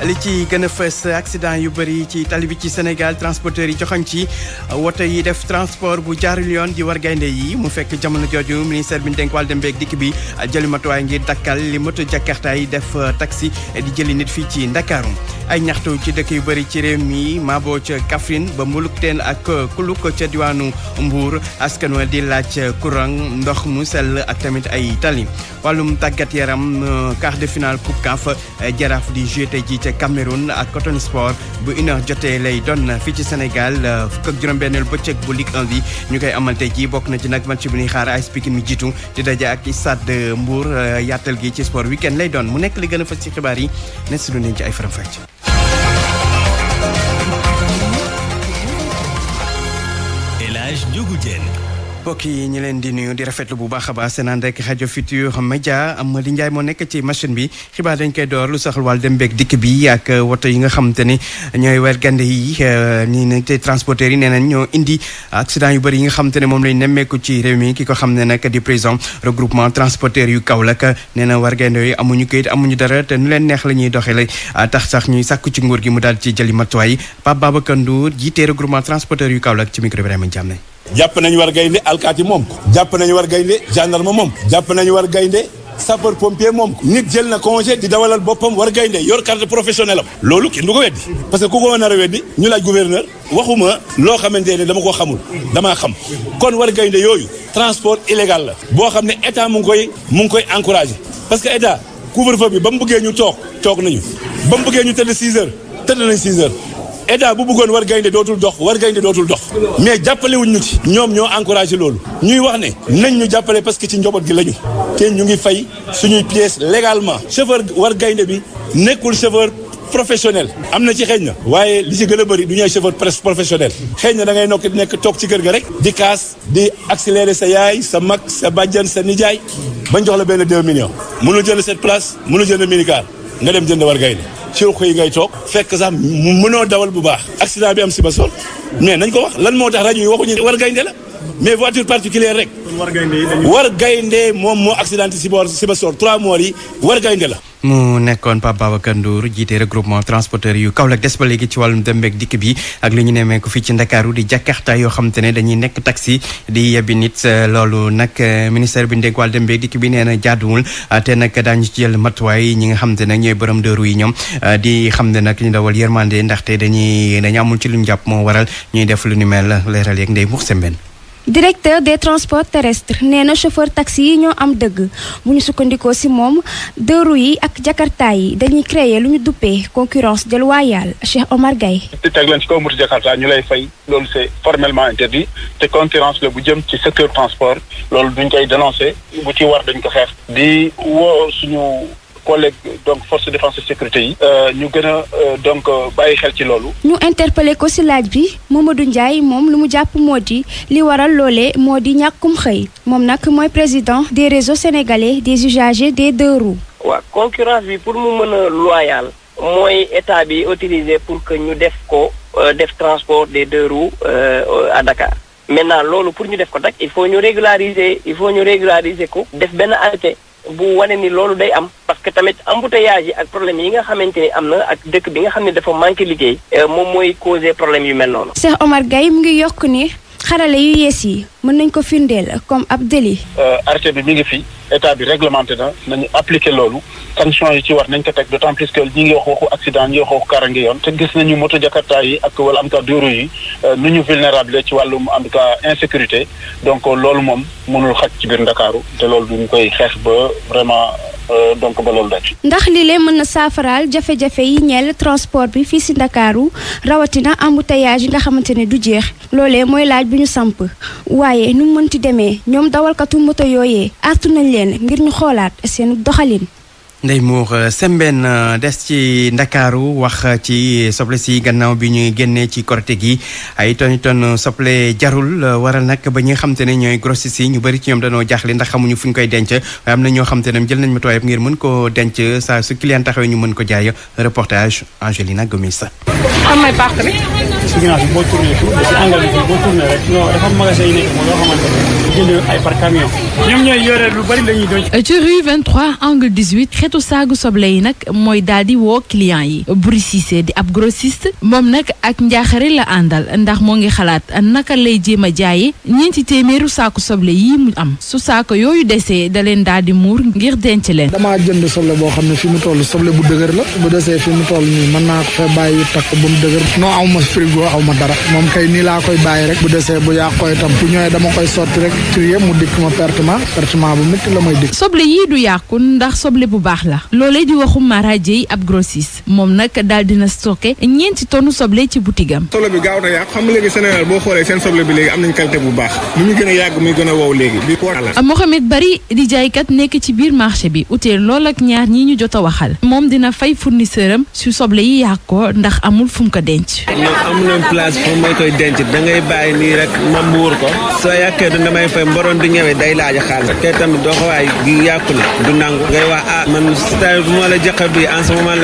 li ci gën a fës yu bari ci tali bi ci Sénégal transporteurs yi joxoñ ci woto yi def transport bu jaarul yoon di war gaynde yi mu fekk jamono jooju ministère bi ñu dénk wàll dem beeg dikk bi jëli matuwaay ngir dakkal li moto Jakarta yi def euh, taxi di jëli nit fii ci Ndakaaru ay ñaxtu ci dëkk yu bëri ci réew mi Mabo ca Kaffrine ba Mbuluk teen ak euh, Kuluk ca diwaanu Mbour askan wa di laaj euh, courant ndox mu sell ak tamit ay tali wàllum tàggat yaram quart de finale Coupe jaraaf di jeté ji ca Cameroun ak Coton Sport bu ina heure jotee lay doon fii ci Sénégal euh, fukk ak juróom-benneelu bëccëg bu Ligue 1 ñu koy amal tey jii bokk na ci nag match bu ñuy xaar AS Pikine mi jiitu di daje ak Stade Mbour euh, yaatal gi ci sport weekend lay doon mu nekk li gën a fës ci xibaar yi nekk si lu ci ay faram-fàcce. mbokk yi ñu leen di nuyu di rafetlu bu baax a baax seen ànd ak rajo Futurs ma li Ndiaye moo nekk ci machine bi xibaar dañ koy door lu soxal wàllu dem beeg dikk bi ak euh, woto yi nga xamante ni euh, ñooy wergande yi ñi euh, ne te transporteurs yi nee nañ ñoo indi accident yu bëri yi nga xamante ne moom lañ nemmeeku ci réew mi ki ko xam ne nag di président regroupement transporteur yu Kaolack nee na wergande yi amuñu kayit amuñu dara te nu leen neex la ñuy doxee la ah, tax sax ñuy sàkku ci nguur gi mu daal ci jëli matuwaay Pape Babacar Ndour jiite regroupement transporteur yu Kaolack ci micro Ibrahima jàpp nañu war gaynde alkaati moom ko jàpp nañu war gaynde gendarme moom ko jàpp nañu war gaynde sapeur pompier moom nit jël na congé di dawalal boppam war gaynde yor carte professionnelle am loolu kenn du ko weddi parce que ku ko nar a weddi ñu laaj gouverneur waxuma loo xamante ne dama ko xamul damaa xam kon war gaynde yooyu transport illégal la boo xam ne état mu ngi koy mu ngi koy encouragé parce que état couvre-feu bi ba mu bëggee ñu toog toog nañu ba mu bëggee ñu tëdd 6 heures tëdd nañ 6 heures état bu bëggoon war gaynde dootul dox war gaynde dootul dox mais jàppale wuñ ci ñoom ñoo encouragé loolu ñuy wax ne nañ ñu jàppale parce que ci njaboot gi la ñu te ñu ngi fay suñuy pièces légalement chauffeur war gaynde bi nekkul chauffeur professionnel am na ci xëy na waaye li ci gën a bëri du ñuy chauffeur presque professionnel xëy na da ngay nokk nekk toog ci kër gi rek di kaas di accélérer sa yaay sa mag sa bàjjan sa nijaay bañ jox la benn deux millions mënul jënd cette place mënul jënd minicar nga dem jënd war gaynde ci ruq yi ngay toog fekk sax mënoo dawal bu baax accident bi am si ba sol mais nañ ko wax lan moo tax rajo yi waxuñu war gaynde la mais voiture particulière rek. war gaynde moom moo accidenté si boor si ba soor trois mois yi war gaynde la. mu nekkoon Pape Babacar Ndour jiite regroupement transporteur yu Kaolack des ba léegi ci wàllum dem beeg dikk bi ak li ñu nemee ko fii ci Ndakaaru di jakarta yoo xam ne dañuy nekk taxi di yebbi nit loolu nag eh, ministère bi ndénk wàll dem beeg dikk bi nee na jaaduwul ah, te nag daañu ci jël matuwaay ñi nga xam te nag ñooy borom dëru yi ñoom ah, di xam ne nag ñu dawal yërmande ndaxte dañuy dañu amul ci lu ñu jàpp moo waral ñuy def lu ni mel leeral yeeg ndey mux sembeen directeur des transports terrestres nee na chauffeur taxi yi ñoo am dëgg bu ñu sukkandikoo ci moom deux roues yi ak jakarta yi dañuy créer lu ñu duppee concurrence déloyale Cheikh Omar Gaye di teg leen ci kaw moto jakarta ñu lay fay loolu c'est formellement interdit te concurrence la bu jëm ci secteur transport loolu duñ koy dénoncer bu ci war dañ ko xeex di woo suñu collègues donc force de défense et sécurité yi. Euh, ñu gën euh, donc euh, bàyyi xel ci loolu. ñu interpellé ko si laaj bi Mamadou Ndiaye moom lu mu jàpp moo di li waral loole moo di ñàkkum xëy moom nag mooy président des réseaux sénégalais de usagers des deux waa waaw concurrence bi pour mu mën a loyal. mooy état bi autorisé pour que ñu def ko def transport des deux roues à Dakar. maintenant loolu pour ñu def ko nag il faut ñu régulariser il faut ñu régulariser ko. def benn arrêté. bu wane ni loolu day am parce que tamit embouteillage yi ak problème yi nga xamante ni am na ak dëkk bi nga xam ne dafa manqué liggéey euh, moom mooy causé problème yu mel noonu Cheikh Omar Gaye mu ngi yokk ni xarale yu yees yi mën nañ ko firndeel comme ab délit euh, arrêté bi mi ngi fi état bi réglementé na nañu appliqué loolu sanction yi ci war nañ ko teg d'autant plus que ñi ngi wax waxu accident ñi ngi wax waxu kaaraange yoon te gis nañu moto jakarta yi ak wala en tout cas deux yi euh, nu ñu vulnérable ci wàllum en tout insécurité donc loolu moom mënul xaj ci biir Ndakaaru te loolu duñ koy xeex ba vraiment euh, donc ba loolu daj ndax lii lee mën na saafaraal jafe-jafe yi ñeel transport bi fii si Ndakaaru rawatina embouteillage yi nga xamante ne du jeex loolee mooy laaj bi ñu samp waaye nu mu mënti demee ñoom dawalkatu moto yooyee artu ngir ñu xoolaat seen doxalin Ndeye Mour euh, Sembène euh, des ci ndakaaru wax euh, ci soble si gannaaw bi ñuy génnee ci korite gi ay toni ton soble jarul waral nag ba ñi nga ne ñooy grossistes ñu bëri ci ñoom dañoo jaaxle ndax xamuñu fu ñu koy denc waaye am na ñoo xam te ne jël nañ matuwaay ngir mën ko denc saa su client taxawee ñu mën ko jaay reportage Angelina Gomis. am may parc bi. xeetu saagu soble yi nag mooy daal di woo client yi Buri Cissé di ab grossiste moom nag ak njaaxare la àndal ndax moo ngi xalaat naka lay jéem a jaaye ñeenti téeméeru saaku soble yi mu am su saako yooyu desee da leen daal di muur ngir denc leen damaa jënd soble boo xam ne fi mu toll soble bu dëgër la bu desee fi mu toll nii mën naa ko fa bàyyi takk bu mu dëgër noo aw ma frigo aw ma dara moom kay nii laa koy bàyyi rek bu desee bu yàqoo itam bu ñëwee dama koy sotti rek trier mu dikk ma pertement pertement bu métti la may dikk soble yii du yàqu ndax soble bu baax baax la loolee di waxu Mara Dieye ab grossiste moom nag daal dina stocké ñeenti tonnu soble ci boutigam soble bi gaaw na yàq xam nga léegi Sénégal boo xoolee seen soble bi léegi am nañ qualité bu baax a yàgg muy a wow léegi Bari di jaaykat nekk ci biir marché bi utee lool ak ñaar ñi ñu jot a waxal moom dina fay fournisseur am su soble yi yàq ko ndax amul fu mu ko denc am na place fu may koy denc dangay bàyyi nii rek ma muur ko soo yàqee du damay fay mboroon du ñëwee day laaj xaalis te tamit doo ko waay gi yàqu la du nangu ngay wax ah c'est-à-dire bu ma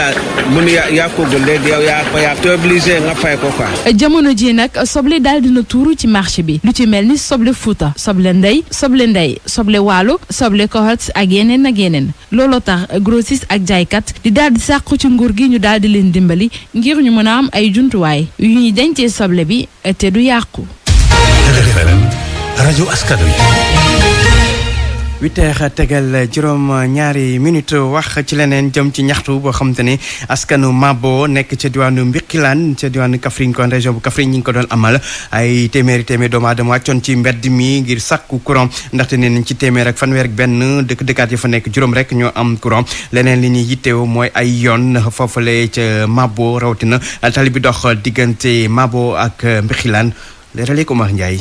la ko jamono ji nag soble daal dina tuuru ci marché bi lu ci mel ni soble Fouta soble ndey soble ndey soble waalo soble kohot ak yeneen ak yeneen looloo tax grossiste ak jaaykat di daal di sàqu ci nguur gi ñu daal di leen dimbali ngir ñu mën a am ay jumtuwaay yu ñuy dencee soble bi te du yàqu. huit heures tegal juróom ñaari minute wax ci leneen jëm ci ñaxtu boo xam te ne askanu Mabo nekk ca diwaanu Mbikilaan ca diwaanu Kaffrine kon région bu Kaffrine ñi ngi ko doon amal ay téeméeri téeméer doomu aadama wàccoon ci mbedd mi ngir sàkku courant ndaxte nee nañ ci téeméer ak fanweer ak benn dëkk dëkkaat yi fa nekk juróom rek ñoo am courant leneen li ñuy yittewoo mooy ay yoon foofale ca Mabo rawatina tali bi dox diggante Mabo ak Mbikilaan leeralee ko Mar Ndiaye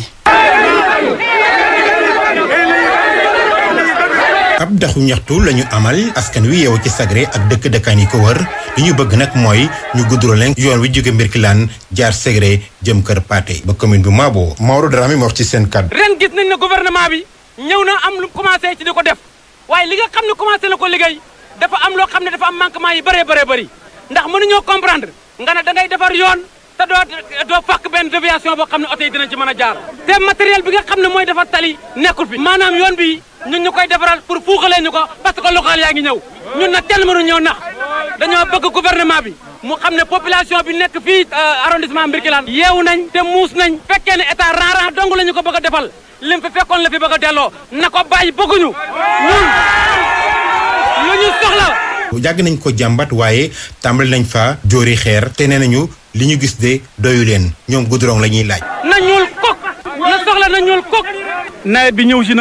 ab daxu ñaxtu la ñu amal askan wi yeewu ci Sagré ak dëkk dëkkaan yi ko wër li ñu bëgg nag mooy ñu gudduro leen yoon wi jóge Mbirkilaan jaar Sagré jëm Kër Pathé ba commune bu Mabo Maodo Dramé moo wax ci seen kàddu ren gis nañ ne bi ñëw na am lu commencé ci di ko def waaye li nga xam ne commencé na ko liggéey dafa am loo xam ne dafa am manquement yi bëree bëree bëri ndax mënuñoo comprendre nga ne da ngay defar yoon te doo doo fàq benn déviation boo xam ne oto yi dinañ a bi nga xam ne mooy defar tali nekkul fi ñun ñu koy defaral pour fuuxalee ñu ko parce que yaa ngi ñëw ñun nag kenn nax dañoo bëgg gouvernement bi mu xam ne population bi nekk fii euh, arrondissement Birkelane yeewu nañ te muus nañ fekkee ne état rarant dong la ñu ko bëgg a defal lim fi fekkoon la fi bëgg delloo na ko bàyyi bëgguñu ñun lu ñu soxla yàgg nañ ko jàmbat waaye tàmbali nañ fa jóori xeer te nee nañu li ñu gis de doyu leen ñoom goudron la laaj na ñuul kok na soxla bi ñëw si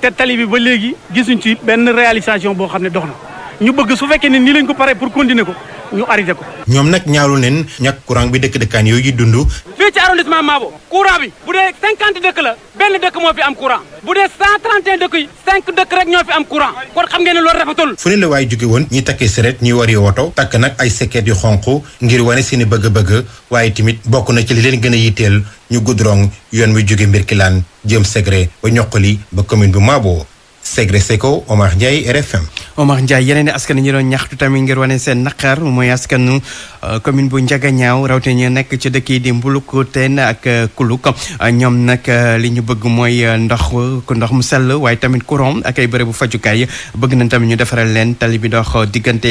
te tali bi ba léegi gisuñ ci benn réalisation boo xam ne dox na ñu bëgg su fekkee ne nii lañ ko paree pour continuer ko ñu arrêté ko. ñoom nag ñaaru neen ñàkk courant bi dëkk dëkkaan yooyu dund. fii ci arrondissement Mabo courant bi bu dee cinquante dëkk la benn dëkk moo fi am courant bu dee cent trente dëkk yi cinq dëkk rek ñoo fi am courant kon xam ngeen ne loolu rafetul. fu ne la waaye jóge woon ñi takki seret ñuy wari woto takk nag ay sekket yu xonq ngir wane seeni bëgg-bëgg waaye tamit bokk na ci li leen gën a yitteel ñu goudron yoon wi jóge mbir kilaan jëm Segré ba ñoqali ba commune bu Mabo ségressé ko Omar Ndiaye RFM. Omar Ndiaye yeneen i askan ñi doon ñaxtu tamit ngir wane seen naqar mooy askanu euh, commune bu Ndiaganiao rawte ñu nekk ci dëkk yi di Mbuluk teen ak euh, Kuluk ñoom nag euh, li ñu bëgg mooy ndox ku ndox mu sell waaye tamit courant ak ay bërëbu fajukaay bëgg nañ tamit ñu defaral leen tali bi dox diggante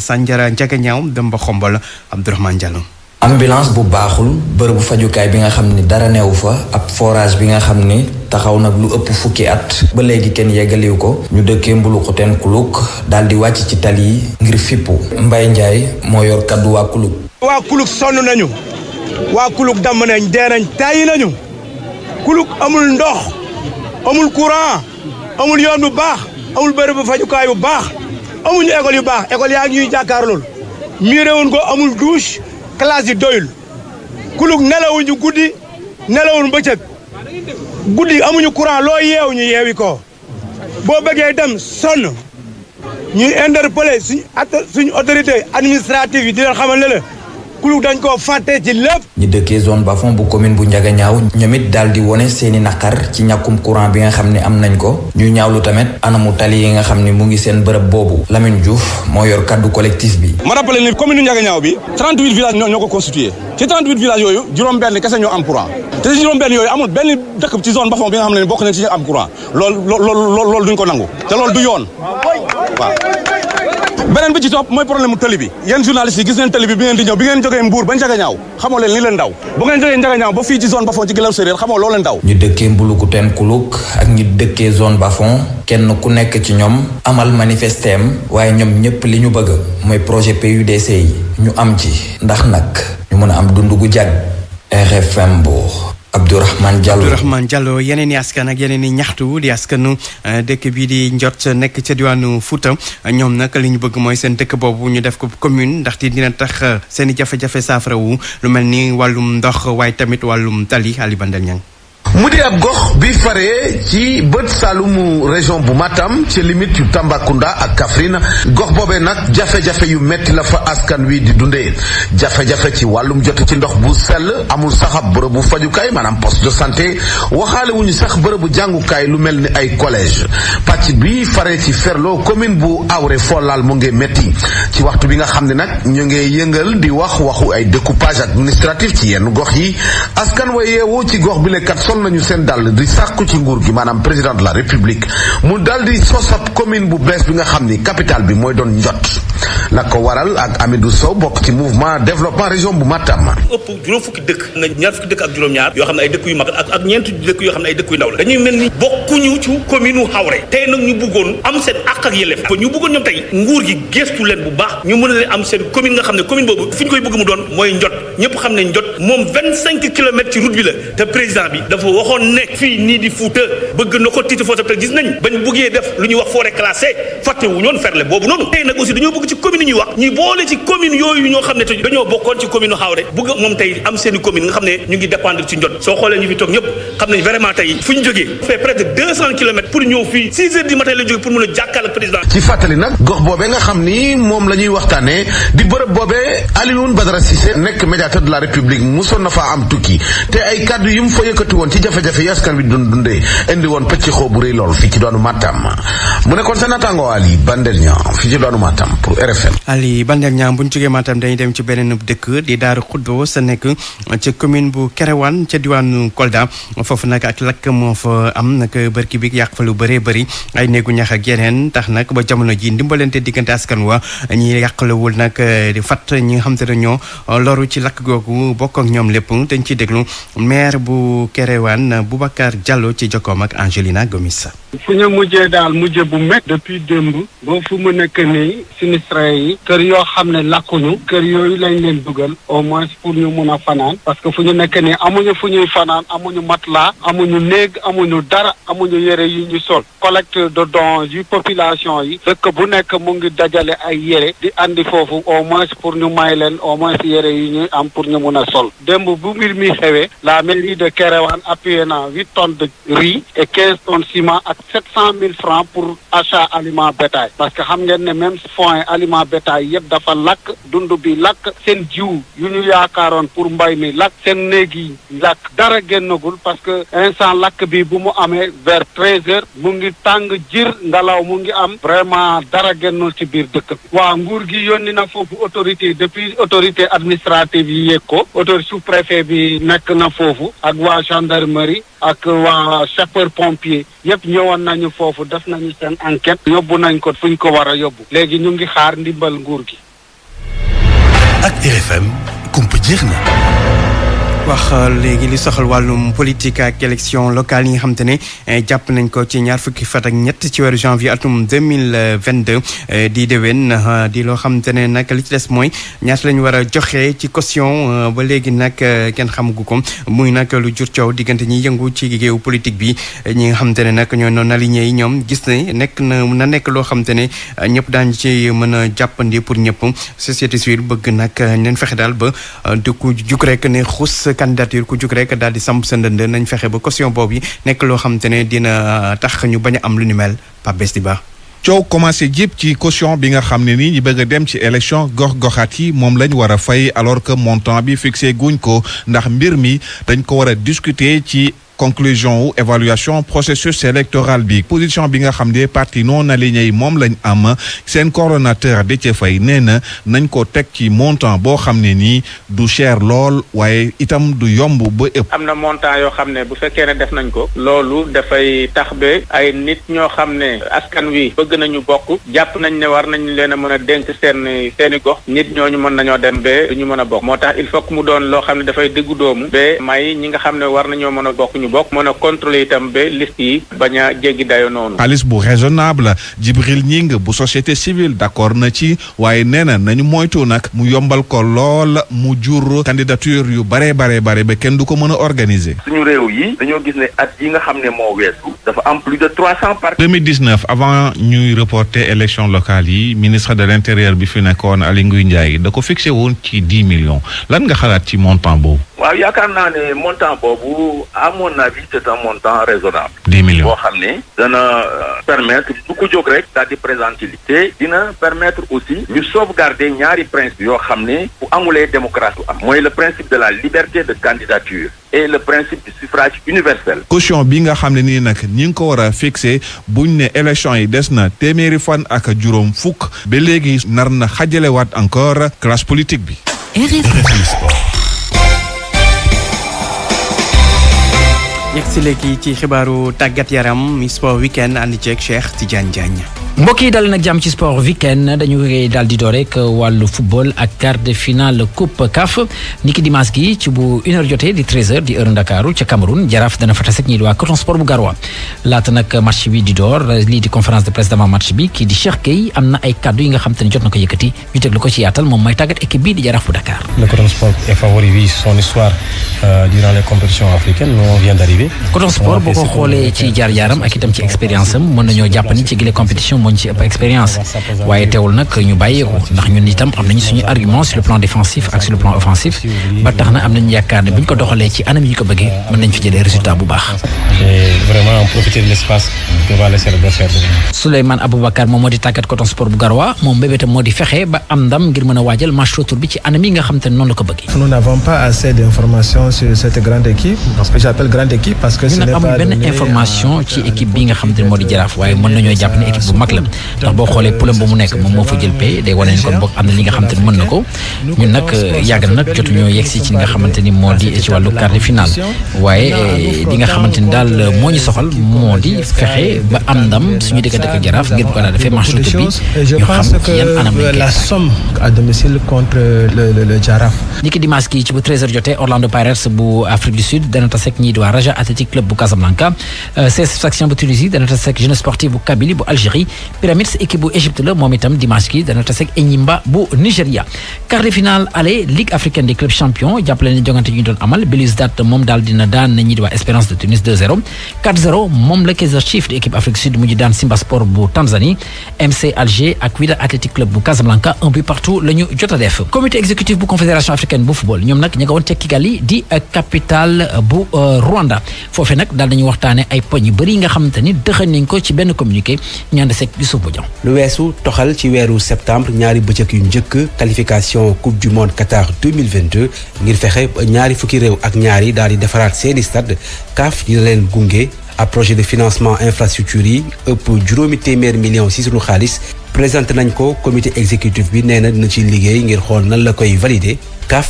Sandiara Ndiaganiao ñaaw ba Xombol Abdourahmane Diallo. ambulance bu baaxul bërëbu fajukaay bi nga xam ni dara neewu fa ab forage bi nga xam taxaw nag lu ëpp fukki at ba léegi kenn yeggaliw ko ñu dëkkee mbuluxuteen kuluk daal di wàcc ci tali yi ngir fippu mbay Ndiaye moo yor kaddu waa kuluk waa kuluk sonn nañu waa kuluk damm nañ dee nañ tàyyi nañu kuluk amul ndox amul courant amul yoon bu baax amul bërëb bu fajukaay bu baax amuñu école yu baax école yaa ngi ñuy jàkkaar lool miiré wuñ ko amul douche classe yi doyul kuluk nelawuñu guddi nelawuñ bëccëg guddi amuñu courant loo yeew ñu yeewi ko boo bëggee dem sonn ñuy interpeller suñ suñ autorité administrative yi di leen xamal ne kulu dañ koo fàtte ci lépp. ñi dëkkee zone bas-fond bu commune bu Ndiaganiao ñoom it daal di wone seeni naqar ci ñàkkum courant bi nga xam ne am nañ ko ñu ñaawlu tamit anamu tali yi nga xam ne mu ngi seen bërëb boobu Lamine Diouf moo yor kaddu collectif bi. ma rappelé ni commune Ndiaganiao bi 38 villages ñoo ko constitué ci 38 villages yooyu juróom-benn kese ñoo am courant te ci juróom-benn yooyu amul benn dëkk ci zone bas bi nga xam ne bokk nañ ci am courant ko nangu te beneen bi ci topp mooy problème mu tëli bi yéen journalistes yi gis neen tëli bi bi ngeen di ñëw bi ngeen jógee Mbour ba Njagañaaw xamoo leen li leen daw bu ngeen jógee Njagañaaw ba fii ci zone Bafon ci Gueulaw Séeréer xamoo loo leen daw ñu dëkkee Mbulukuteen Kuluk ak ñu dëkkee zone Bafon kenn ku nekk ci ñoom amal manifestem waaye ñoom ñëpp li ñu bëgg mooy projet PUDC yi ñu am ci ndax nag ñu mën a am dund gu jag RFM Mbour Abdourahmane Diallo Abdourahmane Diallo yeneen i askan ak yeneen i ñaxtu di askanu eh, dëkk bii di njot nekk ca diwaanu Fouta ñoom nag li ñu bëgg mooy seen dëkk boobu ñu def ko commune ndaxte dina tax eh, seeni i jafe-jafe saafara wu lu mel ni wàllum ndox waaye tamit wàllum tali Ali Bandel Niang mu di ab gox bi faree ci bët saalumu région bu Matam ci limite yu Tambacounda ak Kaffrine gox boobe nag jafe-jafe yu metti la fa askan wi di dundee jafe-jafe ci wàllum jot ci ndox bu sell amul sax ab bërëbu fajukaay maanaam poste de santé waxaale wuñu sax bërëbu jàngukaay lu mel ni ay collège pàcc bi faree ci Ferlo commune bu Awré Follaal mu ngi metti ci waxtu bi nga xam ne nag ñu ngi yëngal di wax waxu ay découpage administratif ci yenn gox yi nañu seen dàll di sàkku ci nguur gi maanaam président de la république mu dal di sosab commune bu bees bi nga xam ni capitale bi mooy doon njot la ko waral ak Amidou Sow bokk ci mouvement développement région bu Matam. ëpp juróom fukki dëkk ñaar fukki dëkk ak juróom-ñaar yoo xam ne ay dëkk yu mag ak ñeenti dëkk yoo xam ne ay dëkk yu ndaw la dañuy mel ni bokkuñu ci commune u tey nag ñu bëggoon am seen àq ak yelleef ñu bëggoon ñoom a leen am waxoon ne fii nii di Fuuta bëgg na ko titre foncier te gis nañ bañ buggee def lu ñuy wax forêt classée fàtte wu ñoon ferle boobu noonu tey nag aussi dañoo bëgg ci commune yi ñuy wax ñuy boole ci commune yooyu ñoo xam ne te dañoo bokkoon ci commune Xawre bëgg moom tey am seen commune nga xam ne ñu ngi dépendre ci njot soo xoolee ñu fi toog ñëpp xam nañ ñu jógee fait près de deux cent kilomètres pour la jógee pour mën a jàkkaarloo ak président ci fàttali nag gox boobee nga xam ni am tukki te ay kàddu yi mu jafe-jafe yi askan wi dund dundee indi woon pëcc xoo bu rëy lool fii ci doonu Matam mu nekkoon sa naataango Ali Bandel Niang fii ci doonu Matam pour RFM. Ali Bandel Niang bu ñu jógee Matam dañuy dem ci beneen dëkk di Daaru Xuddo sa nekk ci commune bu Kerewan ca diwaanu Kolda foofu nag ak lakk moo fa am nag bërki bi yàq fa lu bëree bari ay néegu ñax ak yeneen tax nag ba jamono ji ndimbalante diggante askan wa ñi yàqalewul nag eh, di fat ñi nga xam te ne ñoo loru ci lakk googu bokk ak ñoom lépp dañ ciy waxtaan Boubacar Diallo ci jokkoom ak Angelina Gomis. fu ñu mujjee daal mujje bu met depuis démb boo fu mu nekk nii sinistré yi kër yoo xam ne lakkuñu kër yooyu lañ leen dugal au moins pour ñu mun a fanaan parce que fu ñu nekk nii amuñu fu ñuy fanaan amuñu matelas amuñu néeg amuñu dara amuñu yére yi ñu sol collecte de dons yu population yi dëkk bu nekk mu ngi dajale ay yére di andi foofu au moins pour ñu may leen au moins yére yi ñuy am pour ñu mun a sol effectué naa huit tonnes de riz et quinze tonnes ciment ak mille francs pour achat aliment bétail parce que xam ngeen ne même fonds aliment bétail yëpp dafa lakk dund bi lakk seen jiw yu ñu yaakaaroon pour mbay mi lakk seen néegi yi lakk dara génnagul parce que instant lakk bi bu mu amee vers treize heures mu ngi tàng jir ngalaw mu ngi am vraiment dara génnul ci biir dëkk waa nguur gi yónni na foofu autorité depuis autorité administrative yi yéeg ko autorité sous préfet bi nekk na foofu gendarmerie ak waa sapeur pompier yëpp ñëwoon nañu foofu def nañu seen enquête yóbbu nañ ko fu ñu ko war a yóbbu léegi ñu ngi xaar ndimbal nguur gi. ak RFM kumpa jeex na. wax euh, léegi li soxal wàllum politique ak élection locale yi nga xamante ne euh, jàpp nañ ko ci ñaar fukki fan ak ñett ci weeru janvier atum deux mille vingt deux euh, di déwén di loo xamante ne nag li ci des mooy ñaata lañu ñu war a joxe ci caution ba léegi nag kenn xamagu ko muy nag lu jur coow diggante ñi yëngu ci géewu politique bi ñi nga xamante ne nag ñoo noon aligné yi ñoom gis ne nekk na na nekk loo xamante ne ñëpp daañu ci mën a jàppandi pour ñëpp société civile bëgg nag leen fexe daal ba du jug candidature ku jug rek daal di samp sa ndënd nañ fexe ba caution boobu yi nekk loo xam ne dina euh, tax ñu bañ am lu ni mel Pape Ba coow commencé jip ci caution bi nga xam ne ni ñi bëgg a dem ci élection gox-goxaat yi moom lañ war a fay alors que montant bi fixé guñ ko ndax mbir mi dañ ko war a discuter ci conclusion wu évaluation processus électoral bi position bi nga xam ne parti non aligné yi moom lañ am seen coordonnateur Déthié Faye nee na nañ ko teg ci montant boo xam ne nii du cher lool waaye itam du yomb ba ëpp. am na montant yoo xam ne bu fekkee ne def nañ ko. loolu dafay tax be ay nit ñoo xam ne askan wi bëgg nañu bokk jàpp nañ ne war nañ leen a mën a dénk seen seeni gox nit ñoo ñu mën nañoo dem ba ñu mën a bokk moo tax il faut que mu doon loo xam ne dafay dëggu doomu ñu bokk mën a contrôler itam ba liste yi bañ a jéggi dayo noonu. xaalis bu raisonnable Jibril Ñing bu société civile d' accord na ci waaye nee na nañu moytu nag mu yombal ko lool mu jur candidature yu bare bare bare ba kenn du ko mën a organiser. suñu réew yi dañoo gis ne at yi nga xam ne moo weesu dafa am plus de trois cent partis. 2019 avant ñuy reporter élection locale yi ministre de l' intérieur bi fi nekkoon Aly Ngouille Ndiaye da ko fixé woon ci dix millions lan nga xalaat ci montant boobu. waaw yaakaar naa ne montant boobu amoon mon avis c'est un montant raisonnable. dix millions boo xam ne. dana euh, permettre bu ko jóg rek. daal di li. te dina permettre aussi. ñu sauvegarder ñaari principe yoo xam ne. bu amulee démocratie am. mooy le principe de la liberté de candidature. et le principe du suffrage universel. caution bi nga xam ne nii nag ni ngi ko war a fixé buñ ne élection yi des na téeméeri fan ak juróom fukk. ba léegi nar na xajalewaat encore classe politique bi. yegg si ci xibaaru tàggat yaram mi sport weekend ànd ceeg Cheikh Tidiane Diagne mbokk yi dal nag jàmm ci sport weekend dañu koy daal di door rek euh, wàllu football ak quart de finale coupe CAF niki dimanche gi ci bu une heure jotee di treize di heure Ndakaaru ca Cameroun jaraaf dana fa tase ak ñii di Sport bu Garoua laata nag match bi di door euh, lii di conférence de presse d'avant match bi kii di Cheikh Gueye am na ay kaddu yi nga xam te jot na ko yëkkati ñu teglu ko ci yaatal moom mooy tàggat équipe bii di jaraaf bu Dakar. le Coton mooñ ci ëpp expérience waaye teewul nag ñu bàyyeeku ndax ñun itam am nañu suñu argument sur le plan défensif ak sur le plan offensif ba tax na am nañu yaakaar ne bu ñu ko doxalee ci anam yi ñu ko bëggee mën nañ fi jëlee résultat bu baax. vraiment profiter de l'espace que va laisser l'adversaire. Souleymane Aboubacar moom moo di tàggat coton sport bu Garoua moom mbébétam moo di fexe ba am ndam ngir mën a waajal match retour bi ci anam yi nga xam te ne noonu la ko bëggee. nous n'avons pas assez d'informations sur cette grande équipe parce que j'appelle grande équipe parce que. ce n'est pas donné ñu nag amul benn information ci équipe bi nga xam te ne moo di jaraaf waaye mën nañoo jàpp ne équipe bu mag club ndax boo xoolee poulom ba mu nekk moom moo fa jël pay day wane ne kon boog am na li nga xamante ni mën na ko ñun nag euh, yàgg na nag jotu ñoo yegg ci nga xamante ni moo di ci wàllu quart de finale waaye euh, li nga xamante ni daal euh, moo ñu soxal moo fexe ba am ndam suñu ñu xam ci yan anam la somme à domicile contre le jaraaf. ni bu 13h jotee bu Afrique du Sud dana tase ak ñii di waa Raja Athletic Club bu Casablanca CSF bu Tunisie dana tase ak Jeunesse Sportive bu Kabylie bu Algérie Pyramids équipe bu Égypte la moom itam dimanche dana tase ak bu Nigéria quart de finale aller Ligue africaine des clubs champions jàppale ne jongante ñu doon amal Belouizdad moom daal dina daan ñi di waa de Tunis moom la Kaizer de équipe Afrique Sud mujj daan Simba Sport bu Tanzanie MC ak Wydad Athletic Club bu Casablanca un but partout la ñu def comité bu confédération africaine bu football ñoom nag ña nga woon Kigali euh, euh, euh, Youssouf Bodian lu weesu toxal ci weeru septembre ñaari bëccëg yu njëkk qualification coupe du monde Qatar 2022 ngir fexe ñaari fukki réew ak ñaari daal di defaraat seeni stade CAF dina leen gunge ab projet de financement infrastructure yi ëpp juróomi téeméer million si sunu xaalis présenté nañ ko comité exécutif bi nee na dina ci liggéey ngir xool na la koy valider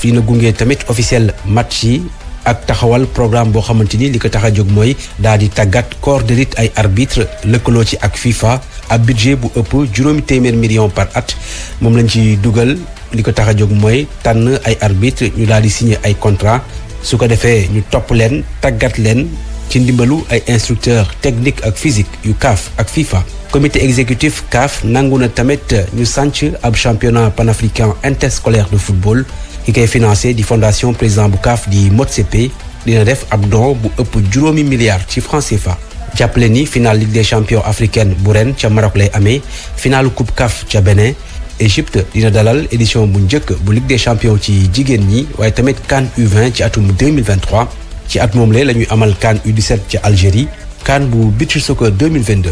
yi na gunge tamit officiel match yi ak taxawal programme boo xamante ni li ko tax a jóg mooy daal di tàggat corps d'élite ay arbitre lëkkaloo ci ak FIFA ab budget bu ëpp juróomi téeméer million par at moom lañ ci dugal li ko tax a jóg mooy tànn ay arbitre ñu daal di signer ay contrat su ko defee ñu topp leen tàggat leen ci ndimbalu ay instructeur technique ak physique yu CAF ak FIFA comité exécutif CAF nangu na tamit ñu sànc ab championnat panafricain interscolaire de football ki koy financé di fondation président bu CAF di Motsepe dina def ab don bu ëpp juróomi milliards ci franc fa jàppale ni final Ligue des champions africaine bu ren ca Maroc lay amee finalu coupe CAF ca Benin Égypte dina dalal édition bu njëkk bu Ligue des champions ci jigéen ñi waaye tamit CAN U20 ci atum 2023 ci at moom le la ñuy amal CAN U17 ca Algérie CAN bu Beach Soccer 2022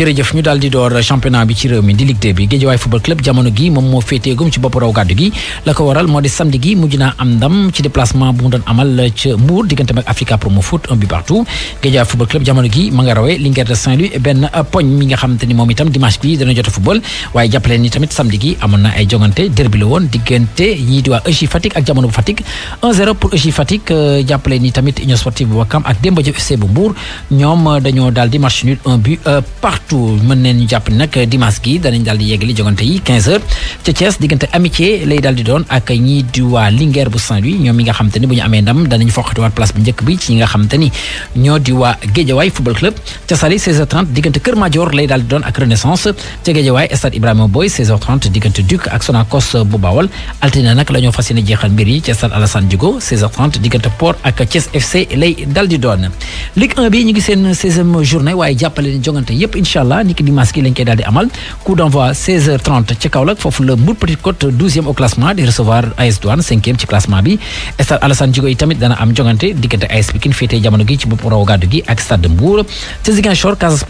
jërëjëf ñu daal di door championnat bi ci réew mi di Ligue 2 bi Guédiawaye football club jamono gi moom moo féeteegum ci bopp raw gàddu gi la ko waral moo di samedi gi mujj naa am ndam ci déplacement bu mu doon amal ca Mbour diggante ak Africa Promo Foot un but partout Guédiawaye football club jamono gi ma rawee Linguère de louis benn poñ mi nga xamante ni moom itam dimanche bi dana jot football waaye jàppale ni tamit samedi gi démb jëf FC bu Mbour ñoom euh, dañoo daal di match nul but euh, partout mën nañu jàpp nag dimanche gi danañ daal di yeggali jogante yi ca Thiès diggante amitié lay daal doon ak ñii di waa bu saint ñoom ñi nga xam bu ñu amee ndam danañ foqatiwaat place bu njëkk bi ci nga xam ñoo di waa football club ca Saly diggante Kër Madior lay daal doon ak Renaissance ca Guédiawaye stade Ibrahima Boy diggante Duc ak Sonacos bu Bawol woon Ligue 1 bi ñu ngi seen 16 journée waaye jàppale ne jongante yëpp incha allah niki dimanche gi lañ koy amal coup d'envoi 16h30 foofu la Mbour Petite Côte 12e classement di recevoir AS Douane 5 ci classement bi stade Alassane Djigo yi tamit dana am jongante diggante AS Pikine féetee jamono gi ci bopp raw gi ak stade Mbour ca Ziguinchor Casa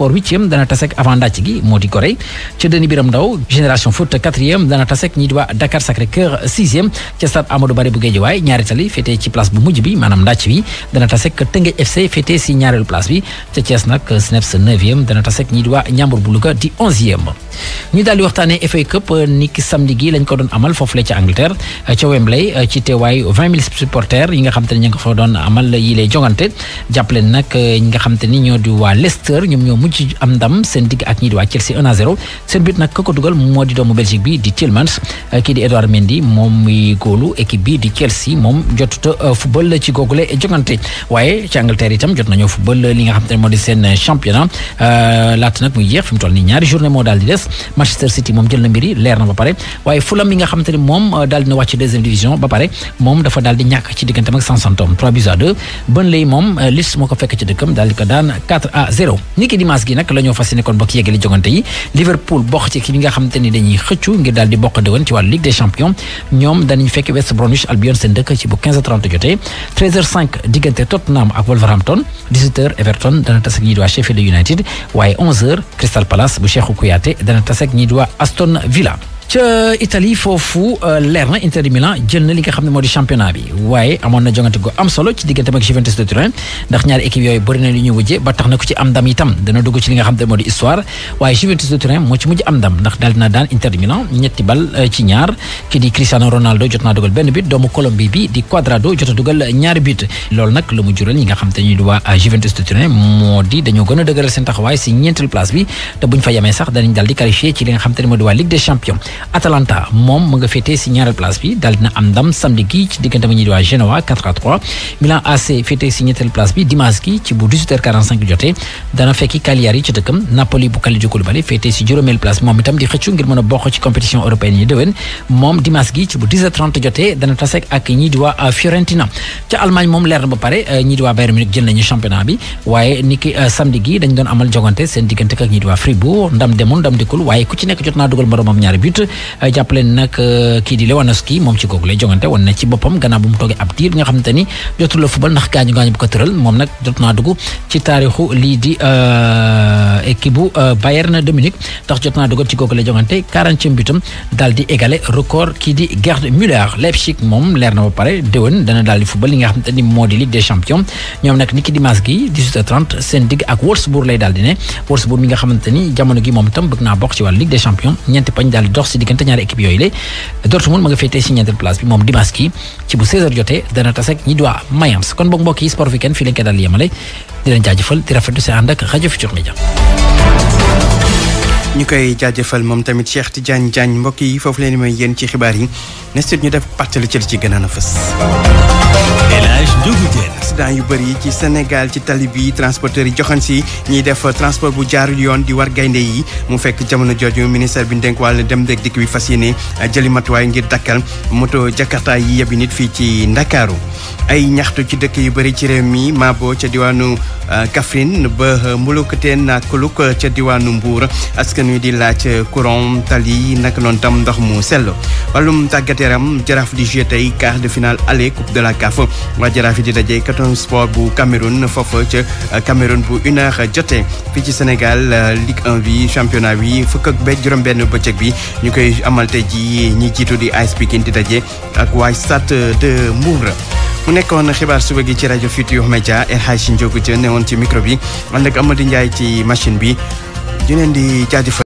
dana tasek avant ndàcc gi moo di Gorée ca Deni dana tasek ñi di waa Dakar Sacré-Cœur Sey féetee si ñaareelu place bi ca Thiès nag SNEPS 9e dana tasek ñi di waa Ndiambour bu Louga di 11e ñu daal di waxtaanee FA Cup ni ki gi lañ ko doon amal foofule ca Angleterre ca Wembley ci teewaay 20 yi nga xam ni ñoo di waa Leicester ñoom ñoo mujj am ndam seen digg ak ñi di waa Chelsea 1 à 0 seen but nag ka dugal moo di doomu Belgique bi di Tielemans uh, kii di Edouard Mendy moom muy góolu équipe bi di Chelsea moom jotuta uh, football Angleterre itam jot nañoo football li nga xam te ne moo di seen euh, championnat euh, laata nag muy jeex fi toll nii ñaari journée moo daal di des Manchester City moom jël na mbiri leer na ba pare waaye Fulham mi nga xam te ne moom euh, daal dina wàcc deuxième division ba pare moom dafa daal di ñàkk ci digganteem ak Southampton 3 buts dimanche gi nag la ñoo fas yéene kon bokk yeggali jogante yi Liverpool bokk ci ki nga xam te ni dañuy xëccu ngir daal di bokk dëwën ci wàllu Ligue Wolverhampton Everton dana tase ak Sheffield United waaye 11h Crystal Palace bu Cheikhou dana tase ak Aston Villa. ca Italie foofu euh, leer na Inter de jël na li nga xam ne moo di championnat bi waaye amoon na jongante gu am solo ci digganteem ak Juventus de Turin ndax ñaari équipe yooyu bëri na li ñu wujje ba tax na ku ci am ndam itam dana dugg ci li nga xam ne moo di histoire waaye Juventus de Turin moo ci mujj am ndam ndax daal dina daan Inter de Milan ñetti bal euh, ci di Cristiano Ronaldo jot euh, nga xam te ñuy di waa Juventus de Turin moo di dañoo gën a dëgëral seen taxawaay si ñeenteelu place bi te buñ ne moo Atalanta moom mu nga féetee si ñaareel place bi daal dina am ndam samedi gi ci diggante ba ñuy di Milan AC féetee si ñetteel place bi dimanche gi ci bu 18 dana fekki Cagliari ci dëkkam Napoli bu Kalidou Koulibaly féetee si juróomeel place moom itam di xëccu ngir mën a bokk ci compétition européenne yi déwén moom dimanche gi ci bu 18 dana taseek ak ñii euh, Fiorentina ca Allemagne moom leer na ba pare euh, ñii di jël nañu championnat Euh, jàppaleen nag euh, kii di Lewandowski moom ci googu lay jongante woon na ci boppam gannaaw bu mu toogee ab diir bi nga xamante ni jotul la football ndax gaañu gaañu bu ko tëral moom nag jot naa dugg ci taarixu lii di euh, équipe bu Bayern de Munich ndax jot naa dugg ci googu jongante quarantième butam daal di égalé record kii di Gerd Müller Leipzig moom leer na ba pare déwén dana daal football li nga xamante ni moo di Ligue des champions ñoom nag ni ki dimanche gi 18 h di ne Wolfsburg mi nga xamante moom itam bëgg naa bokk ci wàllu diggante ñaari équipe yooyu lay Dortmund ma nga féetee si ñeenteel place bi moom dimanche kii ci bu 16h jotee dana tase ak ñi di waa Mayence kon boog mbokk yi sport weekend fii lañ koy daal yemale di leen jaajëfal di rafetlu seen ànd ak rajo Futur Media ñu koy jaajëfal moom tamit Cheikh Tidiane Diagne mbokk yi foofu leen may yéen ci xibaar yi ne sit ñu def pàttali cëli ci gën a fës accident yu bëri ci senegal ci tali bi transporteurs yi joxan si ñuy def transport bu jaarul yoon di war gaynde yi mu fekk jamono jooju ministère bi dénk wàll dem dëkk dikk bi fas yéene ah, jëli matuwaay ngir dakkal moto jakarta yi yebi nit fii ci Ndakaaru ay ñaxtu ci dëkk yu bëri ci réew mi Mabo ca diwaanu ah, Kaffrine ba ah, Mbulukuteen ak Kuluk ca diwaanu Mbuur askan wi di laaj courant tali naka noonu tam ndox mu sell wàllum tàggat yaram jaraaf di joué tey quart de finale aller coupe de la CAF waa jaraaf di daje Coton Sport bu Cameroun foofa ca euh, Cameroun bu une heure jotee fii ci Sénégal euh, Ligue 1 bi championnat bi fukk ak benn juróom bi ñu koy amal ji ñi jiitu di AS Pikine di daje ak waa Stade de Mbour. mu nekkoon xibaar suba gi ci rajo Futurs Médias El Hadji Ndiogou Dieng newoon ci micro bi ànd ak Amady machine bi. ñu leen di jaajëfal